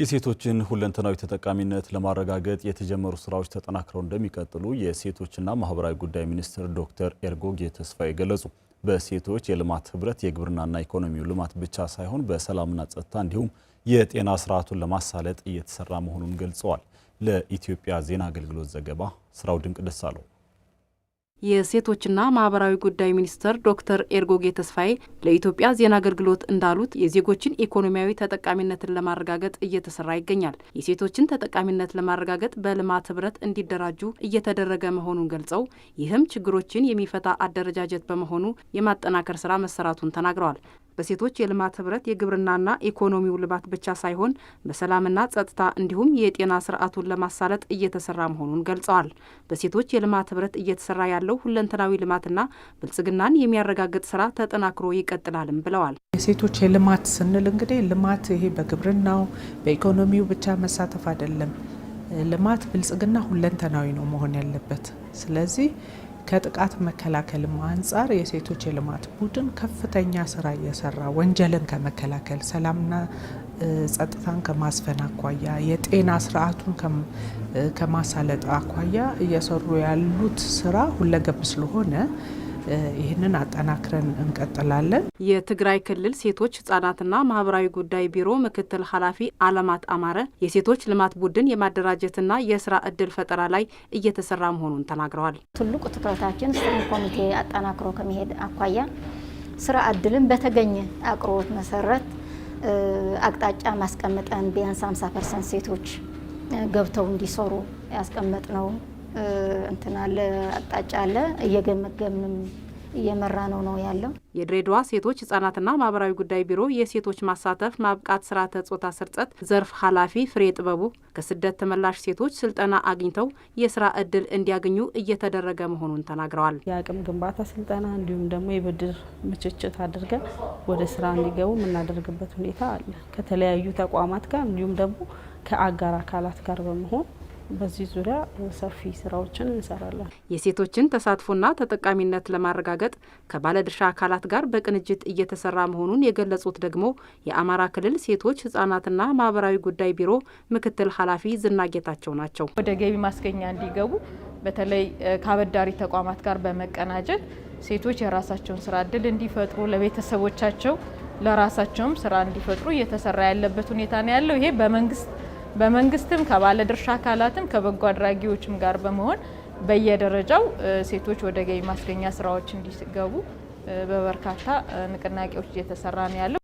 የሴቶችን ሁለንተናዊ ተጠቃሚነት ለማረጋገጥ የተጀመሩ ስራዎች ተጠናክረው እንደሚቀጥሉ የሴቶችና ማህበራዊ ጉዳይ ሚኒስትር ዶክተር ኤርጎጌ ተስፋዬ ገለጹ። በሴቶች የልማት ህብረት የግብርናና ኢኮኖሚው ልማት ብቻ ሳይሆን በሰላምና ጸጥታ እንዲሁም የጤና ስርዓቱን ለማሳለጥ እየተሰራ መሆኑን ገልጸዋል። ለኢትዮጵያ ዜና አገልግሎት ዘገባ ስራው ድንቅ ደሳለው የሴቶችና ማህበራዊ ጉዳይ ሚኒስትር ዶክተር ኤርጎጌ ተስፋዬ ለኢትዮጵያ ዜና አገልግሎት እንዳሉት የዜጎችን ኢኮኖሚያዊ ተጠቃሚነትን ለማረጋገጥ እየተሰራ ይገኛል። የሴቶችን ተጠቃሚነት ለማረጋገጥ በልማት ህብረት እንዲደራጁ እየተደረገ መሆኑን ገልጸው ይህም ችግሮችን የሚፈታ አደረጃጀት በመሆኑ የማጠናከር ስራ መሰራቱን ተናግረዋል። በሴቶች የልማት ህብረት የግብርናና ኢኮኖሚው ልማት ብቻ ሳይሆን በሰላምና ጸጥታ እንዲሁም የጤና ስርዓቱን ለማሳለጥ እየተሰራ መሆኑን ገልጸዋል። በሴቶች የልማት ህብረት እየተሰራ ያለው ሁለንተናዊ ልማትና ብልጽግናን የሚያረጋግጥ ስራ ተጠናክሮ ይቀጥላልም ብለዋል። የሴቶች የልማት ስንል እንግዲህ ልማት ይሄ በግብርናው በኢኮኖሚው ብቻ መሳተፍ አይደለም። ልማት ብልጽግና ሁለንተናዊ ነው መሆን ያለበት። ስለዚህ ከጥቃት መከላከልም አንጻር የሴቶች የልማት ቡድን ከፍተኛ ስራ እየሰራ ወንጀልን ከመከላከል ሰላምና ጸጥታን ከማስፈን አኳያ የጤና ስርዓቱን ከማሳለጥ አኳያ እየሰሩ ያሉት ስራ ሁለገብ ስለሆነ ይህንን አጠናክረን እንቀጥላለን። የትግራይ ክልል ሴቶች ህጻናትና ማህበራዊ ጉዳይ ቢሮ ምክትል ኃላፊ አለማት አማረ የሴቶች ልማት ቡድን የማደራጀትና የስራ እድል ፈጠራ ላይ እየተሰራ መሆኑን ተናግረዋል። ትልቁ ትኩረታችን ስትሪንግ ኮሚቴ አጠናክሮ ከመሄድ አኳያ ስራ እድልን በተገኘ አቅርቦት መሰረት አቅጣጫ ማስቀምጠን ቢያንስ 50 ፐርሰንት ሴቶች ገብተው እንዲሰሩ ያስቀመጥ ነው። እንትን አለ አቅጣጫ አለ እየገመገምንም እየመራ ነው ነው ያለው። የድሬዳዋ ሴቶች ህጻናትና ማህበራዊ ጉዳይ ቢሮ የሴቶች ማሳተፍ ማብቃት ስርዓተ ጾታ ስርጸት ዘርፍ ኃላፊ ፍሬ ጥበቡ ከስደት ተመላሽ ሴቶች ስልጠና አግኝተው የስራ እድል እንዲያገኙ እየተደረገ መሆኑን ተናግረዋል። የአቅም ግንባታ ስልጠና እንዲሁም ደግሞ የብድር ምችችት አድርገን ወደ ስራ እንዲገቡ የምናደርግበት ሁኔታ አለ። ከተለያዩ ተቋማት ጋር እንዲሁም ደግሞ ከአጋር አካላት ጋር በመሆን በዚህ ዙሪያ ሰፊ ስራዎችን እንሰራለን። የሴቶችን ተሳትፎና ተጠቃሚነት ለማረጋገጥ ከባለድርሻ አካላት ጋር በቅንጅት እየተሰራ መሆኑን የገለጹት ደግሞ የአማራ ክልል ሴቶች ህጻናትና ማህበራዊ ጉዳይ ቢሮ ምክትል ኃላፊ ዝናጌታቸው ናቸው። ወደ ገቢ ማስገኛ እንዲገቡ በተለይ ከአበዳሪ ተቋማት ጋር በመቀናጀት ሴቶች የራሳቸውን ስራ እድል እንዲፈጥሩ ለቤተሰቦቻቸው ለራሳቸውም ስራ እንዲፈጥሩ እየተሰራ ያለበት ሁኔታ ነው ያለው። ይሄ በመንግስት በመንግስትም ከባለድርሻ አካላትም ከበጎ አድራጊዎችም ጋር በመሆን በየደረጃው ሴቶች ወደ ገቢ ማስገኛ ስራዎች እንዲገቡ በበርካታ ንቅናቄዎች እየተሰራ ነው ያለው።